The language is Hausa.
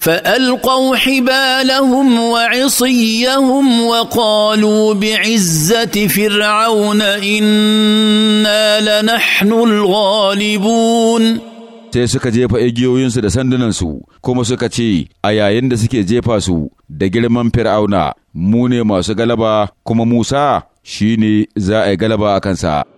فالقوا حبالهم وعصيهم وقالوا بعزه فرعون انا لنحن الغالبون sai suka jefa igiyoyinsu da sandunansu kuma suka ce a yayin da suke jefa su da girman fir'auna mu ne masu galaba kuma musa shi ne za a yi galaba a kansa